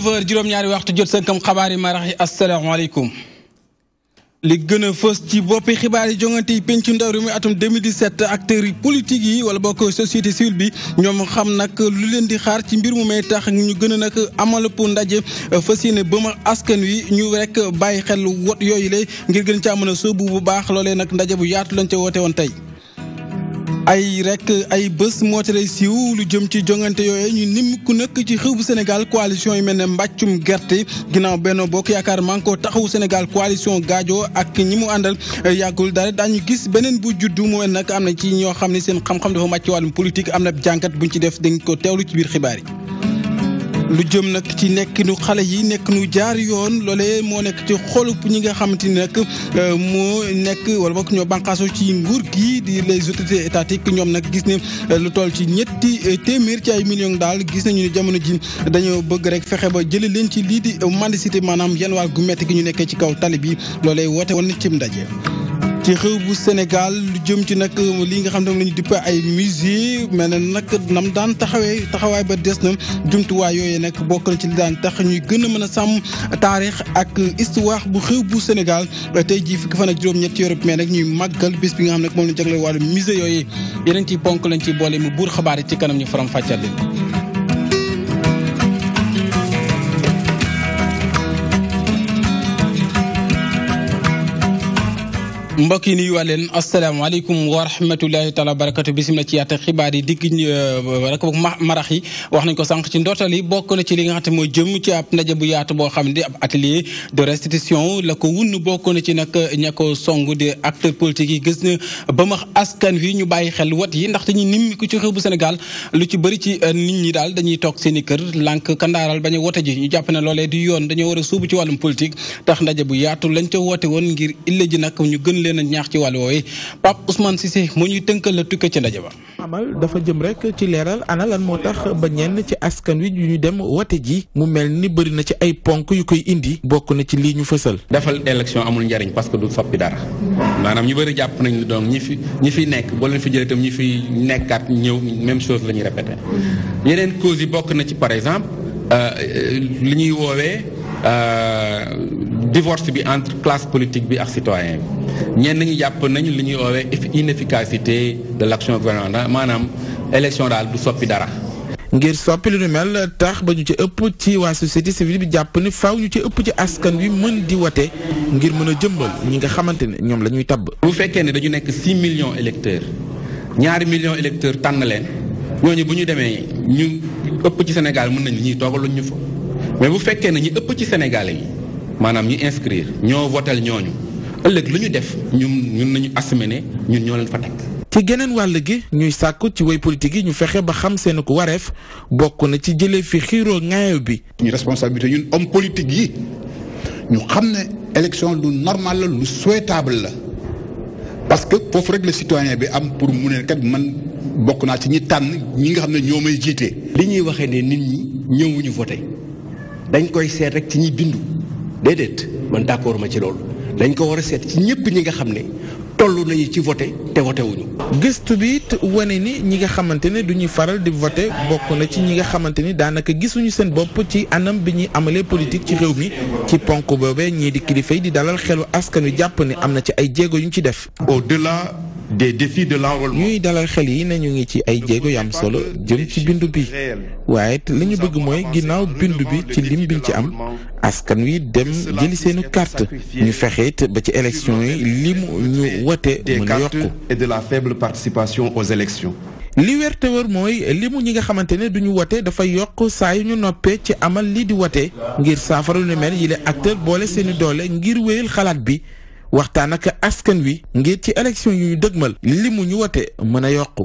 9 juróom-ñaari waxtu jot sënkam xabaar yi marax yi asalaamaaleykum li gën a fës ci boppi xibaar yi jongante yi pencu ndaw réew mi atum 2017 acteurs yi politique yi wala bokk société civile bi ñoom xam nag lu leen di xaar ci mbir mu may tax ñu gën a nag amal pour ndaje fas ne ba ma askan wi ñu rek bàyyi xel wot yooyu la ngir gën caa mën a sóobu bu baax loolee nag ndaje bu yaatu lañ ca woote woon tey. ay rek ay bés moo tere siiw lu jëm ci jongante yooyu ñu nim ku nekk ci xew bu senegal coalition yu mel ne mbàccum gerte ginnaaw benn Bokk Yaakaar Manko Taxawu Sénégal coalition gaajo ak ñi mu àndal yàggul dara daañu gis beneen bu juddu mooy nag am na ci ñoo xam ne seen xam-xam dafa màcc wàllum politique am na jàngat buñ ci def dañ ko teewlu ci biir xibaar yi. lu jëm nag ci nekk nu xale yi nekk nu jaar yoon loole moo nekk ci xolub ñi nga xamante ni nag euh, moo nekk wala bokk ñoo bànqaaso ci nguur gi di les autorités étatiques ñoom nag gis ne euh, lu tool ci ñetti euh, téeméer ci ay millions daal gis nañu ne jamono ji dañoo bëgg rek fexe ba jële leen ci lii di mendicité maanaam yan waal gu metti gi ñu nekkee ci kaw tali bi loolee woote woon na cim ndaje ci xew bu Sénégal lu jëm ci nag li nga xam ne moom la ñu dippe ay musée mel na nag nam daan taxawee taxawaay ba des na jumtuwaay yooyu nekk bokk na ci li daan tax ñuy gën a mën a sàmm taarix ak histoire bu xew bu Sénégal tey jii fukki fa ak juróom-ñetti Europe mais nag ñuy màggal bis bi nga xam ne moom la ñu jagleel wàllu musée yooyu yeneen ci ponk lañ ci boole mu buur xabaar yi ci kanam ñu faram fàcceel leen mbokk yi nuyuwaat leen asalaamaaleykum wa rahmatulahi taala wa barakatu bisimilah ci yaata xibaar yi digg euh, rek wax nañ ko sanq ci ndortal yi bokk na ci li nga xam te mooy jëm ci ab ndaje bu yaatu boo xam ne ab atelier de la ko wunn bokk na ci nag ña ko song de acteurs politiques yi gis na ba max askan wi ñu bàyyi xel wat yi ndaxte ñu nim ku ci xew bu Sénégal lu ci bëri ci euh, nit ñi daal dañuy toog seen i kër lank kandaaral bañ a wote ji ñu jàpp ne du yoon dañoo war a suubu ci wàllum politique tax ndaje bu yaatu lañ ca woote woon ngir illa ji leen a ñaax ci wàllu woowee Pape Ousmane Cissé moo ñuy tënkal la tukkee ci ndaje ba. amal dafa jëm rek ci leeral ana moo tax ba ñenn ci askan wi ñu dem wate ji mu mel ni bëri na ci ay ponk yu koy indi bokk na ci lii ñu fësal. defal élection amul njariñ parce que du soppi dara maanaam ñu bëri jàpp nañu donc ñi fi nekk boo leen fi jëlee itam ñi fiy nekkaat ñëw même chose la ñuy répété yeneen cause yi bokk na ci par exemple euh, li ñuy woowee. Euh, divorce bi entre classe politique bi ak citoyen bi ñenn ñi jàpp nañu li ñuy woowee inefficacité de l' action gouvernementale maanaam élection daal du soppi dara. ngir soppi lu nu mel tax ba ñu ci ëpp ci waa société civile bi jàpp ni faaw ñu ci ëpp ci askan wi mën di wate ngir mën a jëmbal ñi nga xamante ne ñoom la ñuy tabb. bu fekkee ne dañu nekk 6 millions électeurs ñaari millions électeurs tànn leen ñooñu bu ñu demee ñu ëpp ci Sénégal mën nañu ñuy toogaluñ ñu fa mais bu fekkee ne ñi ëpp ci Sénégalais yi maanaam ñi inscrire ñoo votel ñooñu ëllëg lu ñu def ñun ñun nañu assumer ñun ñoo leen fa teg. ci geneen wàll gi ñuy sàkku ci way politique yi ñu fexe ba xam seen ko wareef bokk na ci jëlee fi xiiroo ŋaayo bi. ñu responsabilité ñun homme politique yi ñu xam ne élection lu normal la lu souhaitable la parce que foofu rek la citoyen bi am pour mu ne kat man bokk naa ci ñi tànn ñi nga xam ne ñoo may jiite. li ñuy waxee ne nit ñi ñëwuñu voté. dañ koy seet rek ci ñi bindu déedéet man d'accord ma ci loolu dañ ko war a seet ci ñëpp ñi nga xam ne toll nañu ci voté te voté wuñu. gëstu bi it wane ni ñi nga xamante ne du faral di voté bokk na ci ñi nga xamante ni daanaka gisuñu seen bopp ci anam bi ñuy amalee politique ci réew mi ci ponk boobee ñii di kilifa yi di dalal xelu askan wi jàpp ne am na ci ay jéego yu ñu ci def. au-delà. des défis de l'enrôlement ñuy dalal xel yi ne ñu ngi ci ay jéego yu solo jëm ci bindu bi waaye li ñu bëgg mooy ginnaaw bindu bi ci lim biñ ci am askan wi dem jëli seenu carte ñu fexeet ba ci élection yi limu ñu wote mën a la faible participation aux élections li wér wër mooy limu ñi nga xamante ne duñu wote dafa yokk saa yu ñu noppee ci amal lii di wote ngir saafara lu mel yi le acteur boole seeni doole ngir wéyal xalaat bi waxtaan ak askan wi ngir ci élection yu ñu dëgmal li mu ñu wote mën a yokku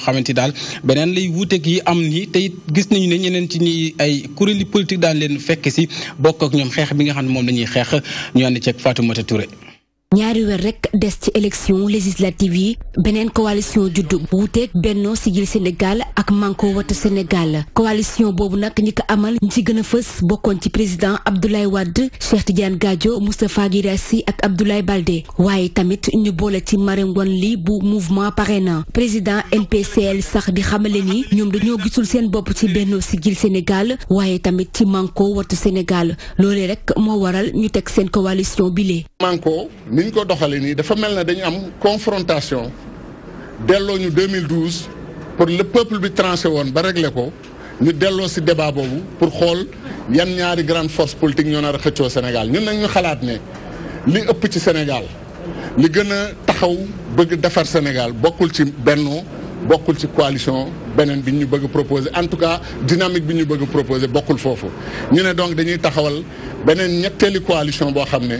xamante daal beneen lay wuuteeg yi am ni tey gis nañu ne ñeneen ci ñi ay kuréeli politique daal leen fekk si bokk ak ñoom xeex bi nga xam ne moom la ñuy xeex ñu ànd ceeg Fatoumata Touré ñaari a rek dess ci élection législative yi coalition du bu wuteeg Benno sigil Sénégal ak Manko Wattu Sénégal coalition bobu nak ñi ko amal ñi ci gën ci président Abdoulaye Wade Cheikh Tidiane Gadio Mustapha Girassi ak Abdoulaye Balde. waaye tamit ñu bolé ci Mariam Wane bu mouvement Parrainant président NPCL sax di xamalé ni ñom dañoo gisul sen bopp ci Benno Sénégal waaye tamit ci Manko Wattu Sénégal loolee rek mo waral ñu tek sen coalition lé Manko ni ko doxalee nii dafa mel ne dañu am confrontation delloo ñu 2012 pour le peuple bi tranché woon ba réglé ko ñu delloo si débat boobu pour xool yan ñaari grande force politique ñoo nar a xëccoo Sénégal ñun nag ñu xalaat ne li ëpp ci Sénégal li gën a taxaw bëgg defar Sénégal bokkul ci benn bokkul ci coalition beneen bi ñu bëgg proposer en tout cas dynamique bi ñu bëgg proposer bokkul foofu ñu ne donc dañuy taxawal beneen ñetteeli coalition boo xam ne.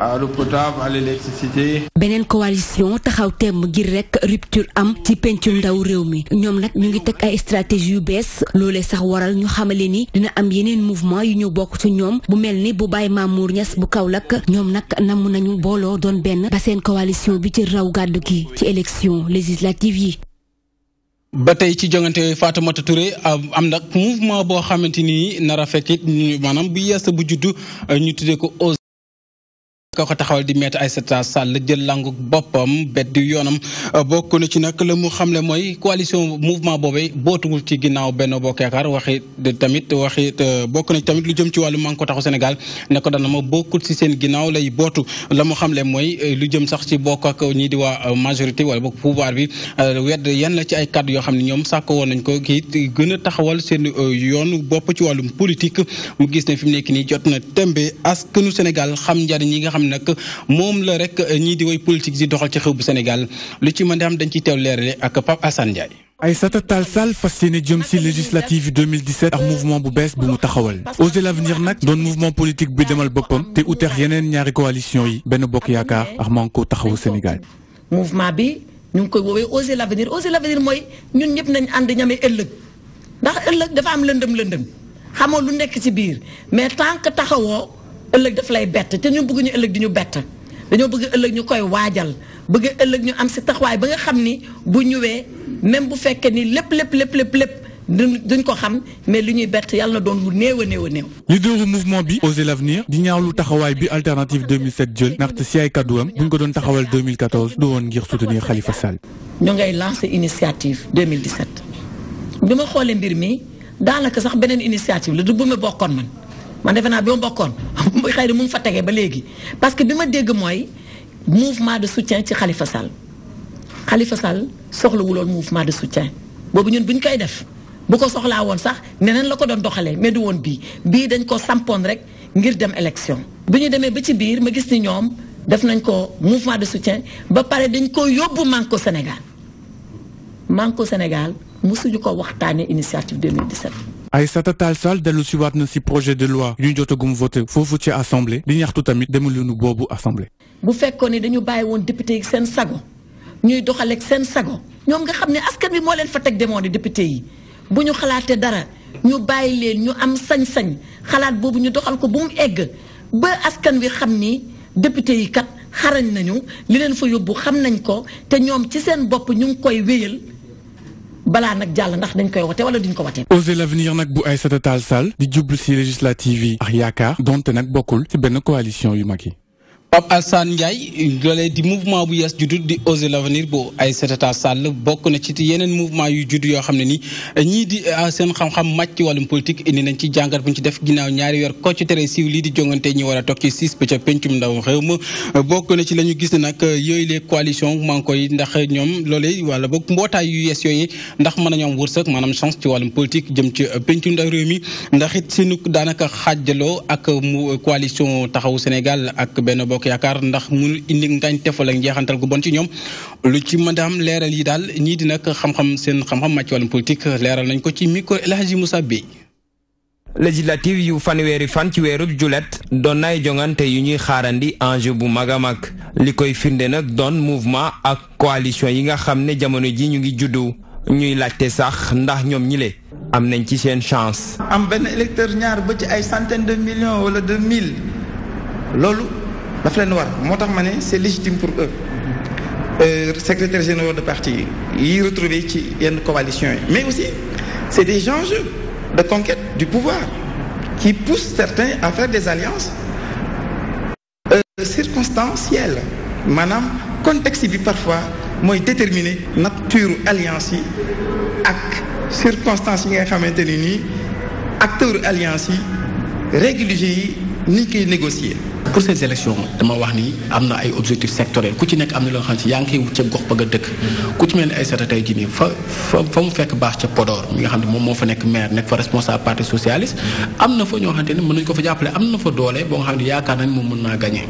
à beneen coalition taxaw temb ngir rek rupture am ci pencul ndaw réew mi ñoom nag ñu ngi teg ay stratégie yu bees loole sax waral ñu xamale ni dina am yeneen mouvement yu ñu bokk ci ñoom bu mel ni bu Baye Mamour Niass bu Kaolack ñoom nag namu nañu booloo doon benn ba seen coalition bi ci raw gàddu ki ci élection législative yi. ba tey ci jongante Fatoumata Touré am nag mouvement boo xamante ni nar a fekk maanaam bu yees bu juddu ñu tuddee ko ka ko taxawal di maître Aïssata Sall jël langu boppam bet di yoonam bokk na ci nag la mu xamle mooy coalition mouvement boobee bootuwul ci ginnaaw benn bokk yaakaar waxi tamit waxi euh, bokk na ci tamit lu jëm ci wàllu Manko Taxawu Sénégal ne ko dana ma bokkut ci seen ginnaaw lay bootu la mu xamle mooy euh, lu jëm sax ci bokk ak ñii di waa euh, majorité wala bokk pouvoir bi wedd yan la ci ay kàddu yoo xam ne ñoom sàkk woon nañ ko kii gën a taxawal seen yoonu bopp ci wàllum politique mu gis ne fi mu nii jot na tembe askanu Sénégal xam nak mom la rek ñi di way politique di doxal ci xew bu Sénégal lu ci mën am dañ ci teew leerale ak Pape Assane Ndiaye. Aïssata Tall Sall fas yéene si ci législative 2017 ak mouvement bu bees bu mu taxawal Oser l'avenir nak don mouvement politique bi demal boppam té outer yenen ñaari coalition yi benn bokk yaakaar ak Manko taxawu Sénégal. mouvement bi ñu koy wowe oser l'avenir oser l'avenir moy ñun ñep nañ and ñame ëlëk ndax ëlëk dafa am lëndëm lëndëm xamoo lu nekk ci biir mais tant que taxawoo ëllëg daf lay bett te ñun bëgguñu ëllëg di ñu bett dañoo bëgg ëllëg ñu koy waajal bëgg ëllëg ñu am si taxawaay ba nga xam ni bu ñëwee même bu fekkee ni lépp lépp lépp lépp lépp duñ ko xam mais li ñuy bett yàlla na doon lu néew a néew a néew. leaderu mouvement bi Osez l'avenir di ñaawlu taxawaay bi alternative 2007 jël ndaxte si ay kàdduwam buñ ko doon taxawal 2014 du woon ngir soutenir Khalifa Sall. ñu ngay lancé initiative 2017 bi ma xoolee mbir mi daanaka sax beneen initiative la du bu ma bokkoon man man defena bi ma bokkoon mu ngi fa tege ba parce que bi dégg mouvement de soutien ci Khalifa Sall Khalifa Sall mouvement de soutien boobu ñun bu ñu koy def bu ko soxlaa woon sax neneen la ko doon doxalee mais du woon bii bii dañ ko sampoon rek ngir dem élection ñu ba ci ma gis ni def nañ ko mouvement de soutien ba pare dañ ko Manko Sénégal Manko Sénégal mosuñu ko initiative 2017 ay Aïssata Tall Sall dellusiwaat na ci projet de loi yu ñu gum voter fofu ci assemblée di ñaxtu tamit ñu bobu assemblée. bu fekkone dañu baye won député yi seen sago ñuy doxal ak seen sago ñom nga xam askan bi mo leen fa teg demoon député yi bu ñu xalaatee dara ñu baye leen ñu am sañ-sañ xalaat bobu ñu doxal ko bu mu egg ba askan wi xamni député yi kat xarañ nañu li leen fa yobbu xam nañ ko te ñom ci seen bop ñu ngi koy weyel Osez l'avenir nak bu législative coalition Pape Alsane Ndiaye loolee di mouvement bu yees juddu di Oser l'avenir bu Aïssata Sall bokk na ci yeneen mouvement yu judd yoo xam ne ni ñii di ah, seen xam-xam màcc ci wàllum politique indi nañ ci jàngat bu ñu ci def ginnaaw ñaari weer ko ci tere siiw lii di jongante ñi war a toog ci siis ca pencum ndaw réew ma bokk na ci la ñu gis ne nag yooyu les coalition maa ngi koy ndax ñoom loolee wala boog mbootaay yu yees yooyu ndax mën nañoo am wërsëg maanaam chance ci wàllum politique jëm ci pencum ndaw mi ndax it seenu daanaka xaajaloo ak coalition taxawu Sénégal ak benn bokk yaakaar ndax mu indi ngaañ tefal ak njeexantal gu bon ci ñoom lu ci mën a am leeral yi daal ñii di nag xam-xam seen xam-xam màcc wàllum politique leeral nañ ko ci micro El Hadji Moussa Bey législative yu fanweeri fan ci weerub julet doon nay jongante yu ñuy xaarandi enjeu bu mag a mag li koy firnde nag doon mouvement ak coalition yi nga xam ne jamono ji ñu ngi juddu ñuy laajte sax ndax ñoom ñile am nañ ci seen chance. am benn électeur ñaar ba ci ay centaine La leen noire, c'est légitime pour eux euh, secrétaire général de parti qu'il y ci une coalition mais aussi c'est des enjeux de conquête du pouvoir qui poussent certains à faire des alliances euh, circonstancielles madame. contexte bi parfois mooy déterminer nature alliance acte ak circonstances yi nga xamante ni alliance yi du yi ni négocier pour ces élections dama wax nii am na ay objectifs sectoriels ku ci nekk am na loo xam ne yaa ngi koy wut ca gox ba nga dëkk ku ci mel ni ay sata tey fa fa mu fekk baax ca podoor mi nga xam ne moom moo fa nekk maire nekk fa responsable parti socialiste am na fa ñoo xamante ne mën nañu ko fa jàppale am na fa doole boo nga xam ne yaakaar nañ moom mën naa gagné.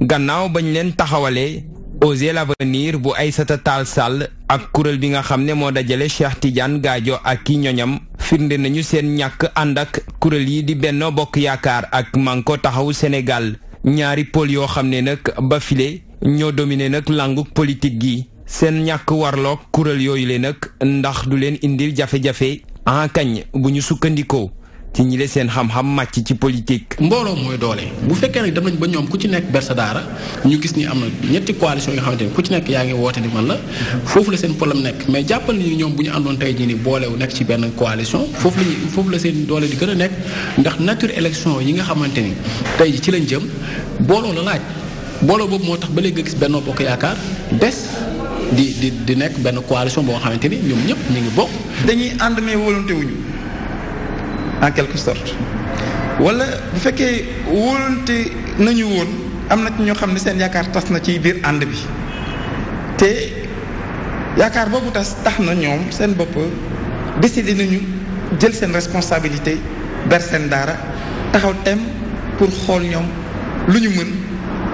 gannaaw bañ leen taxawalee Osez l'avenir bu Aïssata Tall Sall ak kuréel bi nga xam ne moo dajale Cheikh Tidiane Gadio ak ki ñoñam firnde nañu seen ñàkk ànd ak kuréel yi di Benno Bokk Yaakaar ak Manko Taxawu Sénégal ñaari pôle yoo xam ne nag ba file ñoo dominer nag langu politique gi seen ñàkk warloog kuréel yooyu le nag ndax du leen indil jafe-jafe en kañ bu ñu sukkandikoo ci ñi le seen xam-xam màcc ci politique. mbooloo mooy doole bu fekkee nag dem nañ ba ñoom ku ci nekk bersa daara ñu gis ni am na ñetti coalition yi nga xamante ni ku ci nekk yaa ngi woote ni man la foofu la seen problème nekk mais jàppal ni ñoom bu ñu àndoon tey jii ni boolewu nekk ci foofu lañu foofu la doole di gën ndax nature élection yi nga xamante ni tey ji ci lañ jëm booloo la laaj booloo boobu moo tax ba léegi gis Benno Bokk Yaakaar des di di di nekk benn coalition boo xamante ni ñoom ñëpp ñu ngi bokk. dañuy ànd mais volonté en quelque sorte wala bu fekkee wóolante nañu woon am na ñoo xam ne seen yaakaar tas na ci biir ànd bi te yaakaar boobu tas tax na ñoom seen bopp décidé nañu jël seen responsabilité ber seen daara taxaw tem pour xool ñoom lu ñu mën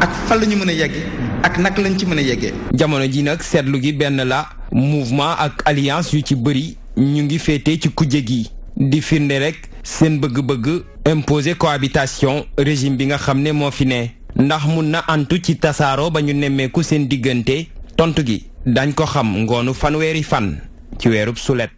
ak fan lañu mën a yeggee ak naka lañ ci mën a yeggee. jamono ji nag seetlu gi benn la mouvement ak alliance yu ci bëri ñu ngi féete ci kujje gi di firnde rek. seen bëgg-bëgg imposer cohabitation régime bi nga xam ne moo fi ne ndax mun na antu ci tasaaroo ba ñu nemmeeku seen diggante tontu gi dañ ko xam ngoonu fanweeri fan ci weerub sulet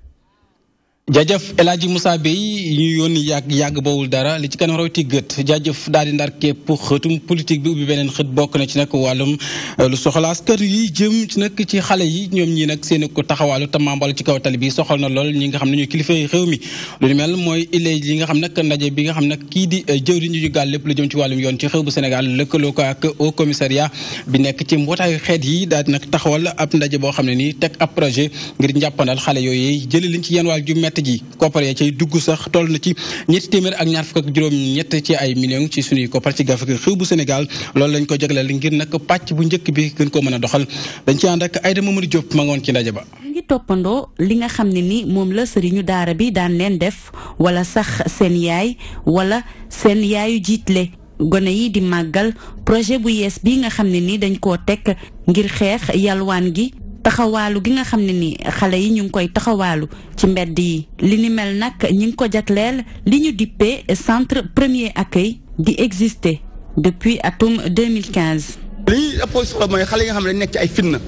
jaajëf El musa Moussa Beye ñu yónni yàgg yàgg bawul dara li ci kanam rawti gët jaajëf daal di ndar képp xëtum politique bi ubbi beneen xët bokk na ci nag wàllum euh, lu soxla askan yi jëm ci nag ci xale yi ñoom ñi nag seen ko taxawaalu te mambalu ci kaw tali bi soxal na lool ñi nga xam ne ñooy kilifa réew mi lu ñu mel mooy illee li nga xam nag ndaje bi nga xam nag kii di euh, jëwriñ ñu gàll lépp lu jëm ci wàllum yoon ci xew bu Sénégal lëkkaloo ko ak au commissariat nekk ci mbootaayu xeet yi daal di nag taxawal ab boo xam ne nii teg ab projet ngir njàppandal xale yooyu jëli liñ ci yenn ñett gi koppar ya cay dugg sax toll na ci ñetti téeméer ak ñaar fukk ak juróom ñett ci ay millions ci suñuy koppar ci gafaka xew bu Sénégal loolu lañ ko jagleel ngir nag pàcc bu njëkk bi gën koo mën a doxal dañ ci ànd ak Aïda Mamadou Diop ma ngoon ci ndaje ba ñu ngi toppandoo li nga xam ne ni moom la sëriñu daara bi daan leen def wala sax seen yaay wala seen yaayu jiitle gone yi di màggal projet bu yees bi nga xam ne ni dañ ko teg ngir xeex yalwaan gi taxawaalu gi nga xam ne ni xale yi ñu ngi koy taxawaalu ci mbedd yi li ni mel nag ñi ngi ko jagleel li ñu dippee centre premier accueil di exister depuis atum 2015. li ñuy ëpp solo mooy xale yi nga xam ne nekk ci ay fitna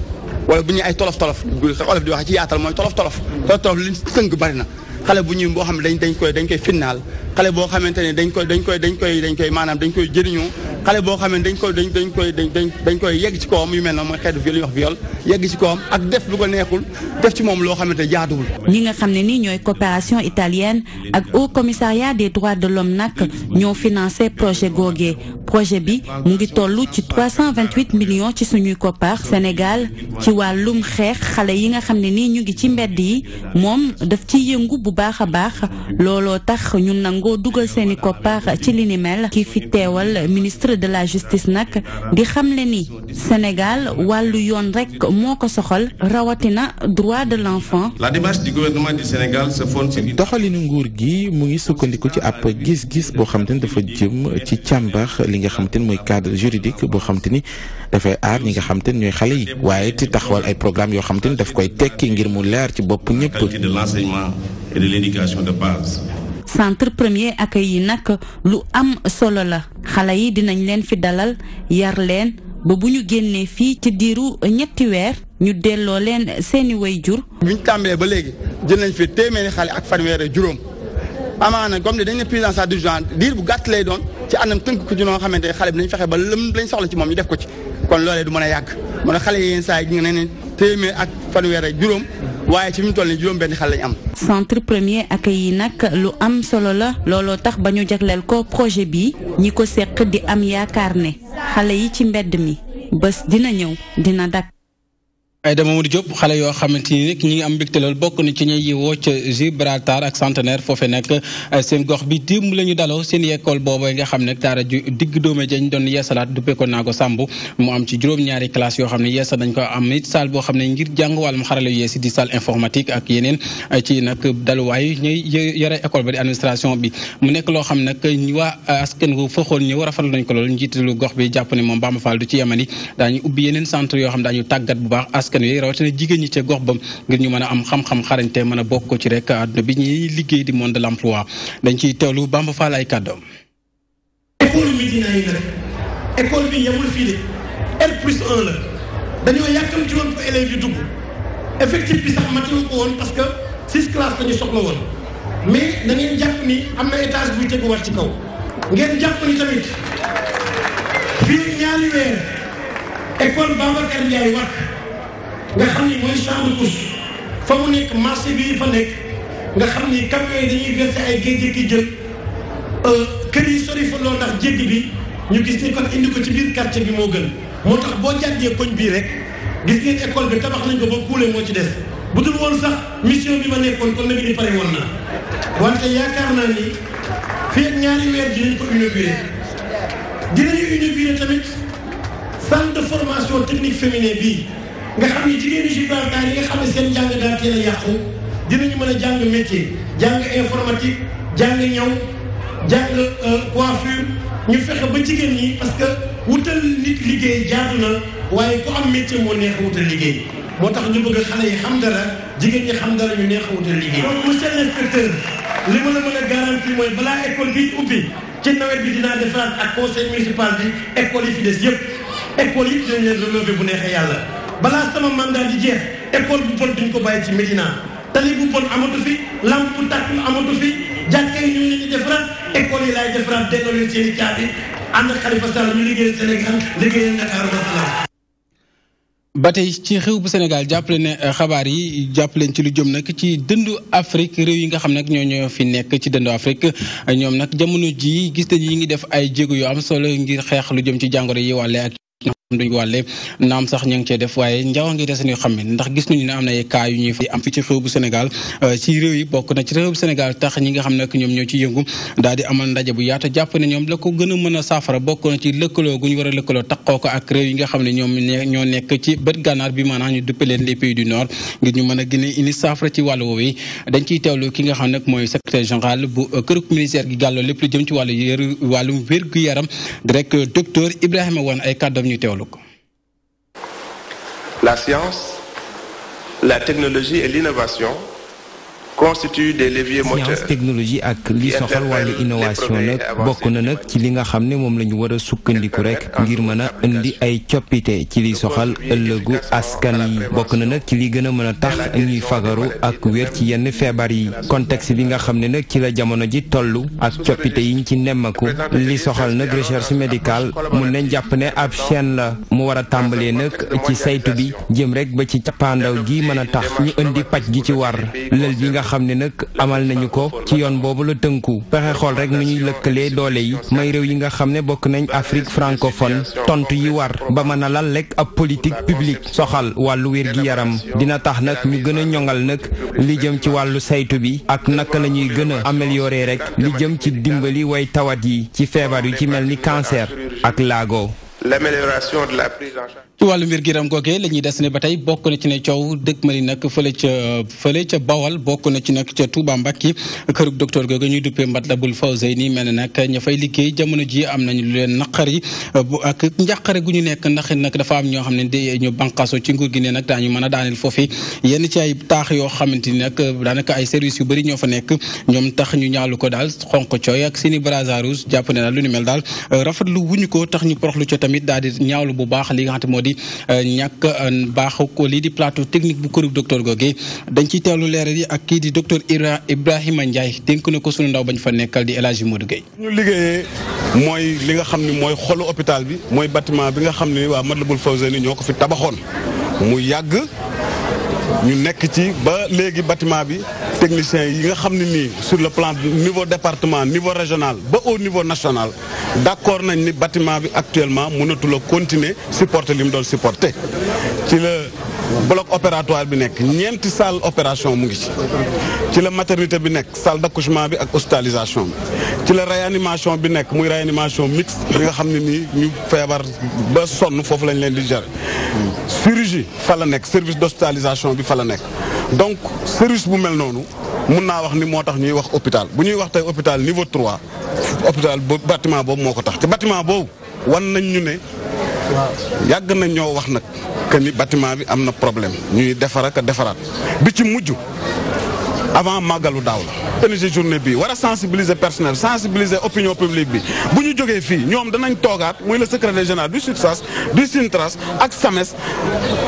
wala bu ñu ay tolof tolof olof di wax ci yaatal mooy tolof tolof tolof tolof li sëng bari na. xale bu ñuy boo xam dañ dañ koy dañ koy final xale boo xamante ne dañ koy dañ koy dañ koy dañ koy maanaam dañ koy jëriñu xale boo xam ne dañ koy dañ dañ koy dañ dañ koy yegg ci koom yu mel na mooy xeetu viol ñu wax viol yegg ci koom ak def lu ko neexul def ci moom loo xamante ne jaaduwul. ñi nga xam ne nii ñooy coopération italienne ak haut commissariat des droits de l'homme nag ñoo financé projet googee projet bi mu ngi toll ci 328 millions ci suñuy koppar Sénégal ci wàllum xeex xale yi nga xam ne nii ñu ngi ci mbedd yi moom daf ci yëngu bu baax a baax looloo tax ñu nangoo dugal seeni koppaar ci li ki fi teewal ministre de la justice nag di xamle ni Sénégal wàllu yoon rek moo ko soxal rawatina droit de l'enfant. la démarche du doxalinu nguur gi mu ngi sukkandiku ci ab gis-gis boo xam te ni dafa jëm ci càmbar li nga xam te ni mooy cadre juridique boo xam ni dafay aar ñi nga xam te ni ñooy xale yi waaye ti tax taxawal ay programme yoo xam ni daf koy tekki ngir mu leer ci bopp ñëpp. et centre premier accueil yi nag lu am solo la xale yi dinañ leen fi dalal yar leen ba bu ñu génnee fii ci diiru ñetti weer ñu delloo leen seeni way jur. bi ñu tàmbalee ba léegi jël nañ fi téeméeri xale ak fanweeri juróom. amaana comme ni dañ ne prise en charge d'urgence diir bu gàtt lay doon ci anam tënk ko ci noo xamante xale bi dañ fexe ba lëm lañ soxla ci moom ñu def ko ci kon loolee du mën a yàgg moo tax xale yéen saa yi nga ne téeméer ak fanweer ak juróom waaye ci fi mu toll nii juróom benn xale lañ am. centre premier accueil yi nag lu am solo la looloo tax ba ñu jagleel ko projet bi ñi ko seq di am yaakaar ne xale yi ci mbedd mi bés dina ñëw dina dakk Aïda Mamadou Diop xale yoo xamante ni nag ñi ngi am mbégte lool bokk na ci ñuy yiwoo ca Gibraltar ak centenaire foofe nekk seen gox bi démb la ñu daloo seen école boobu nga xam ko naa ko xam ne yeesal nañ ko am it salle boo xam ne ngir jàng wàllum xarala yu yees yi di salle bi mu nekk loo xam nag waa askan wu fooxoon ñëw rafetlu ko lool njiitalu gox bi jàpp ne moom Bamba Fall du ci yemani daañu ubbi yeneen centre yoo xam ne daañu tàggat bu baax askan wi rawatina jigéen ñi ca gox ba ñu mën a am xam-xam xarañte mën a bokk ko ci rek àdduna bi liggéey di monde de l'emploi dañ yi nag école bi yemul fii de R plus la dañoo yàkkamti woon pour élèves yi dugg effectif bi sax matuñu ko woon parce six classes la soxla woon mais da ngeen jàpp ni am na étage buy teguwaat ci kaw ngeen jàpp ni tamit fii ñaari weer école Babacar Ndiaye Watt nga xam ni mooy chambre tous fa mu nekk marché bi fa nekk nga xam ni camions yi dañuy verser ay géej gi jël euh, kër yi sori fa loolu ndax jéggi bi ñu gis ni kon indi ko ci biir quartier bi moo gën moo tax boo jàddee koñ bii rek gis ngeen école bi tabax nañ ko ba kuule moo ci des bu dul woon sax mission bi ma nekkoon kon nag ni pare woon na wante yaakaar naa ni fii ak ñaari weer dinañ ko inauguré dinañu inauguré tamit centre de formation technique féminin bii nga xam ne jigéen ñi ci barkaar yi nga xam ne seen jàng daal teel a yàqu dinañu mën a jàng métier jàng informatique jàng ñaw jàng coiffure ñu fexe ba jigéen ñi parce que wutal nit liggéey jaadu na waaye ku am métier moo neex a wutal liggéey moo tax ñu bëgg xale yi xam dara jigéen ñi xam dara ñu neex a wutal liggéey. kon monsieur l'inspecteur li ma la mën a garanti mooy balaa école bi ubbi ci nawet bi dinaa defaraat ak conseil municipal bi école yi fi des yëpp école yi dinañ leen relever bu neexee yàlla. balaa sama mandat di jeex école bu bon duñ ko bàyyi ci Médina tali bu bon amatu fi lamp bu tàkkul amatu fi jàkkee yi ñun la ñuy defaraat école yi laay defaraat delloo leen seen i caabi ànd ak Khalifa Sall ñu liggéeyal Sénégal liggéeyal Ndakaaru wasalaam ba tey ci xew bu Sénégal jàppale ne euh, xabaar yi jàpp jàppaleen ci lu jëm nag ci dëndu Afrique réew yi nga xam nag ñoo ñoo fi nekk ci dëndu Afrique ñoom nag jamono jii gis nañu ngi def ay jéego yu am solo ngir xeex lu jëm ci jàngoro yi wàlle ak. duñ ko wàlle naam sax ñu cee def waaye njaw a ngi des ñu xam ne ndax gis nañu ne am na ay cas yu ñuy fay am ci réew bu Sénégal euh, ci réew yi bokk na ci réew bu Sénégal tax ñi nga xam ne ñoom ñoo ci a mën a saafara bokk na ci ko ak réew yi nga xam ne ñoom ñoo nekk ci bët gànnaar bi maanaam ñu duppe leen les pays du nord ngir ñu mën a gën a indi saafara ci wàllu woowu dañ ciy teewlu ki nga xam ne mooy secrétaire général bu euh, këruk ministère gi gàlloo lépp lu jëm ci wàllu wàllum wér gu yaram direct docteur Ibrahima Wane ay kàddoom La science, la technologie et l'innovation constituent des leviers moteurs science technologie ak li soxal wàllu innovation nag bokk na nag ci li nga xam ne moom la ñu war a sukkandiku rek ngir mën a indi ay coppite ci li soxal ëllëgu askan yi bokk na nag ci li gën a mën a tax ñuy fagaru ak wér ci yenn feebar yi contexte bi nga xam ne nag ci la jamono ji tollu ak coppite yi ñu ci nemmaku li soxal nag recherche médicale mun nañ jàpp ne ab chaîne la mu war a tàmbalee nag ci saytu bi jëm rek ba ci cappaandaw gi mën a tax ñu indi paj gi ci war lël bi nga xam ne nag amal nañu ko ci yoon boobu la tënku pexe xool rek nu ñuy lëkkalee doole yi may réew yi nga xam ne bokk nañ Afrique francophone tontu yi war ba mën a lal lekk ab politique publique soxal wàllu wér gi yaram dina tax nag ñu gën a ñoŋal nag li jëm ci wàllu saytu bi ak naka la ñuy gën a améliorer rek li jëm ci dimbali way tawat yi ci feebar yu ci mel ni cancer ak laago. ci wàllu mbir gi ram googee la ñuy des ne ba tey bokk na ci ne coow dëkk ma ni nag fële ca fële ca Bawal bokk na ci nag ca Touba Mbacke kërug docteur googe ñuy duppee Matlabul Fawzayni mel na nag ña fay liggéey jamono ji am nañu leen naqari euh, bu ak njàqare gu ñu nekk ndax nag dafa am ñoo xam ne di ñu banqaso ci nguur gi ne nag daañu mën a daaneel foofu yenn ci ay taax yoo xamante ni nag euh, daanaka ay services yu bëri ñoo fa nekk ñoom tax ñu ñaalu ko daal xonq cooy ak seeni brassard rouge jàpp ne daal lu ni mel daal euh, rafetlu wuñu ko tax ñu poroxlu di euh, ñàkk euh, baaxu ko lii di plateau technique bu kërug docteur googee dañ ciy teewlu leeral yi ak kii di docteur Ira Ibrahima Ndiaye dénk na ko sunu ndaw bañ fa nekkal di El Hadji Modou Gueye ñu liggéeyee mooy li nga xam ni mooy xolu hôpital bi mooy bâtiment bi nga xam ne waa Matlaboul Fawzeyni ñoo ko fi tabaxoon mu yàgg Nous sommes ci ba léegi bâtiment bi technicien sur le plan niveau département niveau régional ba au niveau national d'accord nañ ni bâtiment actuellement nous a continuer supporter li mu doon supporter ci bloc opératoire bi nekk ñeenti salle opération mu ngi ci ci la maternité bi nekk salle d'accouchement bi ak hospitalisation bi ci la réanimation bi nekk muy réyanimation mixte bi nga xam ne nii ñu feebar ba sonn foofu lañ leen di gérer chirurgie fa la nekk service d'hospitalisation bi fa la nekk donc service bu mel noonu mun naa wax ni moo tax ñuy wax hopital bu ñuy wax tey hôpital niveau 3 hôpital bâtiment boobu moo ko tax te bâtiment boobu wan nañ ñu ne yàgg nañ ñoo wax nag que ni bâtiment bi am problème ñuy defar ak defaraat bi ci avant màggalu daaw Tenir énergie journée bi sensibiliser personnel sensibiliser opinion publique bi bu ñu Nous fii ñoom un toogaat le secrétaire général du succès, du SINTRAS ak SAMES.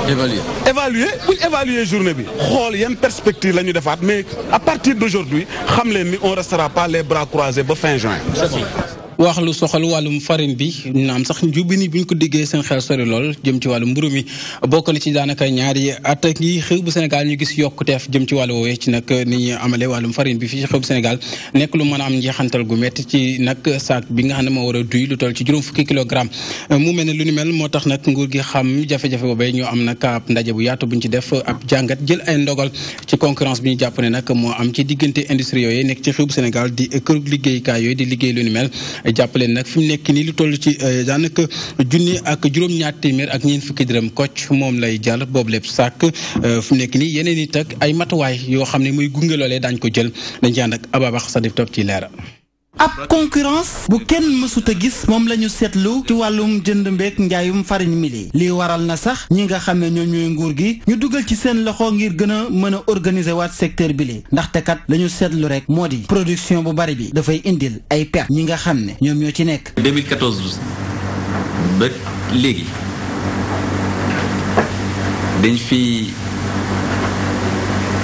évaluer évaluer bu évaluer journée bi a une perspective nous devons faire. mais à partir d'aujourd'hui xam ne on restera pas les bras croisés ba fin juin. waxlu soxal walum farine bi nam sax njubini buñ ko diggé sen xel sori lol jëm ci wàllu mburu mi bokk na ci ñaar yi at yi xew bu Sénégal ñu gis yokkuteef jëm ci walu woowee ci nak ni ñuy amale walum farine bi fi ci xew bu Sénégal nek lu mëna am jéxantal gu métti ci nak sac bi nga xam ne wara duy lu toll ci juróom fukki kilogram mu melni lu ni mel motax nak nguur gi xam jafe-jafe bobé ñu am nak ab ndaje bu yaatu buñ ci def ab jàngat jël ay ndogal ci concurrence bi ñu jàpp ne nak mo am ci digënté industrie yooyu nek ci xew bu Sénégal di liggéey liggéeykaay yoy di liggéey lu ni mel jàppaleen nag fi mu nekk nii lu toll ci euh, daanaka junni ak juróom-ñaar téeméer ak ñeent fukki dërëm kocc moom lay jàll boobu lépp sàkk euh, fi mu nekk nii yeneen i tak ay matuwaay yoo xam ne muy gunge loolee daañ ko jël dañ ci ànd ak Ababacar Sadif topp ci leera ab concurrence bu kenn mësuta gis moom lañu ñu seetlu ci wàllum jënd mbeeg njaayum farine mili lii waral na sax ñi nga xam ne ñoo ñooy nguur gi ñu dugal ci seen loxo ngir gën a mën a organiser waat secteur bi li ndaxte seetlu rek moo di production bu bari bi dafay indil ay perte ñi nga xam ne ñoom ñoo ci nekk 2014 ba léegi dañ fi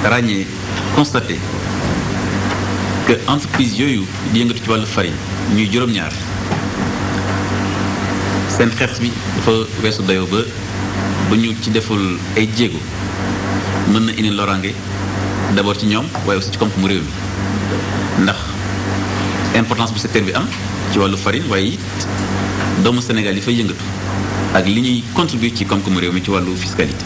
ràññee constaté que entreprise yooyu di yëngatu ci wàllu farine ñuy juróom-ñaar seen xeex mi dafa weesu dayoo ba bu ñu ci deful ay jéego mën na indi loraange d'abord ci ñoom waaye aussi ci koom mu réew mi ndax importance bi secteur bi am ci wàllu farine waaye it doomu Sénégal yi fay yëngatu ak li ñuy contribuer ci koom mu réew mi ci wàllu fiscalité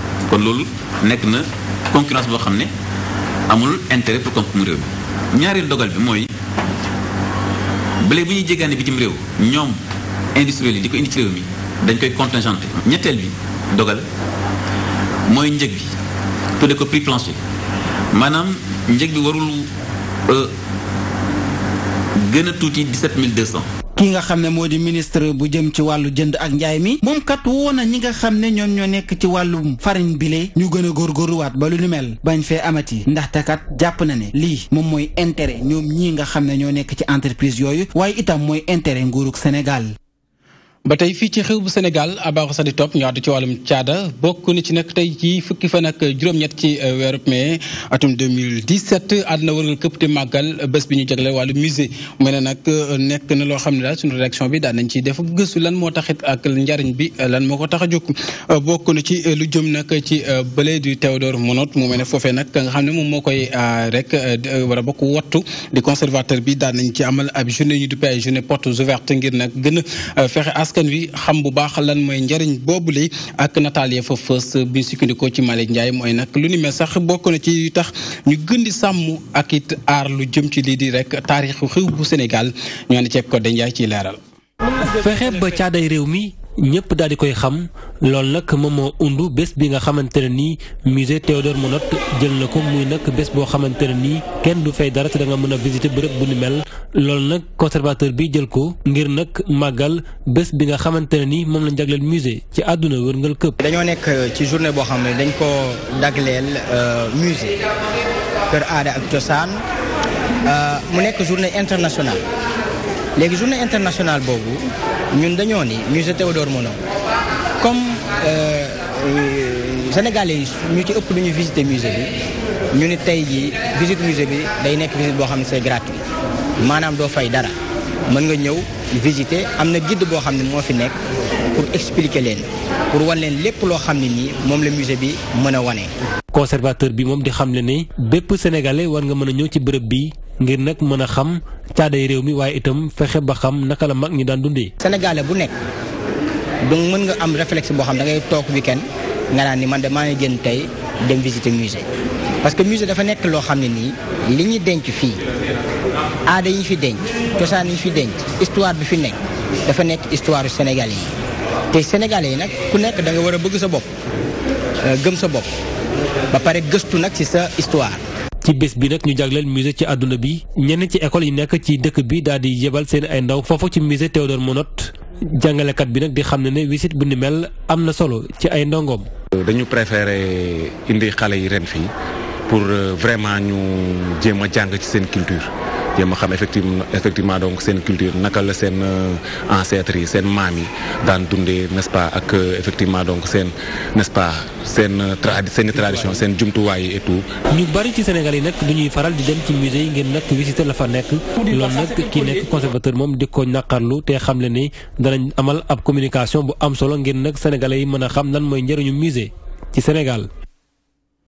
kon loolu nekk na concurrence amul intérêt pour comme réew mi dogal bi mooy blé bu ñuy jéggaane industriel di ko mi dañ koy bi dogal bi prix plancher maanaam njëg bi warul euh, gën ki nga xam ne moo di ministre bu jëm ci wàllu jënd ak njaay mi moom kat woo na ñi nga xam ne ñoom ñoo nekk ci wàllum farine bile ñu gën a góorgóorluwaat ba lu ni mel bañ fee amati ndaxte kat jàpp na ne lii moom mooy intérêt ñoom ñii nga xam ne ñoo nekk ci entreprise yooyu waaye itam mooy intérêt nguurug Sénégal ba tey fii ci xew bu Sénégal abaaxu sa di topp ñu àddu ci wàllum caada bokk na ci nag tey ci fukki fa ak juróom-ñett ci euh, weeru mai atum 2017 àdduna wërngal këpp te màggal bés bi ñu jagleel wàllu musée mu ne nag euh, nekk na loo xam ne daal suñu rédaction bi daan nañ ci def gëstu lan moo taxit ak njariñ bi euh, lan moo ko tax a jóg bokk na ci lu jëm nag ci bële du Théodore Monod mu mel ne foofee nag nga xam ne moom moo koy rek wala bokk wattu di conservateur bi daan nañ ci amal ab journée ñu duppee ay journée portes ouvertes ngir nag gën a fexe askan wi xam bu baax lan mooy njariñ boobule ak nataal ya fa fës bi ñu sukkandikoo ci Malick Ndiaye mooy nag lu ni mel sax bokk na ci tax ñu gën di sàmm ak it aar lu jëm ci lii di rek taarixu xiw bu Sénégal ñoo ne ceeg ko de njaay ciy leeral. ñëpp daal di koy xam loolu nag moom moo undu bés bi nga xamante ne nii musée Théodore Monod jël na ko muy nag bés boo xamante ne nii kenn du fay dara te da nga mën a visiter bërëb bu ni mel loolu nag conservateur bi jël ko ngir nag màggal bés bi nga xamante ne nii moom lañ jagleel musée ci àdduna wërngal këpp. dañoo nekk euh, ci journée boo xam ne dañ ko dagleel euh, musée kër aada ak cosaan euh, mu nekk journée internationale léegi journée international boobu. ñun dañoo ni musée Théodore Monod comme euh, sénégalais yi ñu ci ëpp lu ñu visité musée bi ñu ni tey jii visite musée bi day nekk visite boo xam ne c'est gratuit maanaam doo fay dara mën nga ñëw visiter am na guide boo xam ne moo fi nekk pour expliquer leen pour wan leen lépp loo xam ne nii moom la musée bi mën a wane. conservateur bi moom di xamle ne bépp sénégalais war nga mën a ñëw ci bërëb bi ngir nag mën a xam caaday réew mi waaye itam fexe ba xam naka la mag ñi daan dundee. Sénégalais bu nekk du mën nga am réflexe boo xam da ngay toog weekend nga naan ni man de maa génn tey dem visiter musée parce que musée dafa nekk loo xam ne nii li ñu denc fii aada yi fi denc cosaan yi fi denc histoire bi fi nekk dafa nekk histoire sénégalais yi te sénégalais yi nag ku nekk da nga war a bëgg sa bopp euh, gëm sa bopp ba pare gëstu nag ci sa histoire. ci bés bi nag ñu jagleel musée ci àdduna bi ñenn ci école yi nekk ci dëkk bi daal di yebal seen ay ndaw foofu ci musée Théodore Monod jàngalekat bi nag di xam ne ne visite bu ni mel am na solo ci ay ndongoom. Euh, dañu préféré indi xale yi ren fii. pour euh, vraiment ñu jéem a jàng ci seen culture jéem a xam effectivement effectivement donc seen culture naka la seen euh, ancêtres yi seen maam yi daan dundee n'est-ce pas ak euh, effectivement donc seen n'est-ce pas seen tradi seen tradition seen jumtuwaay yi et tout. ñu bari ci Sénégal yi nag du ñuy faral di dem ci musée yi ngeen visiter la fa nekk loolu nag ki nekk conservateur moom di ko naqarlu te xam le ni danañ amal ab communication bu am solo ngeen nag sénégalais yi mën a xam lan mooy njëriñu musée ci Sénégal.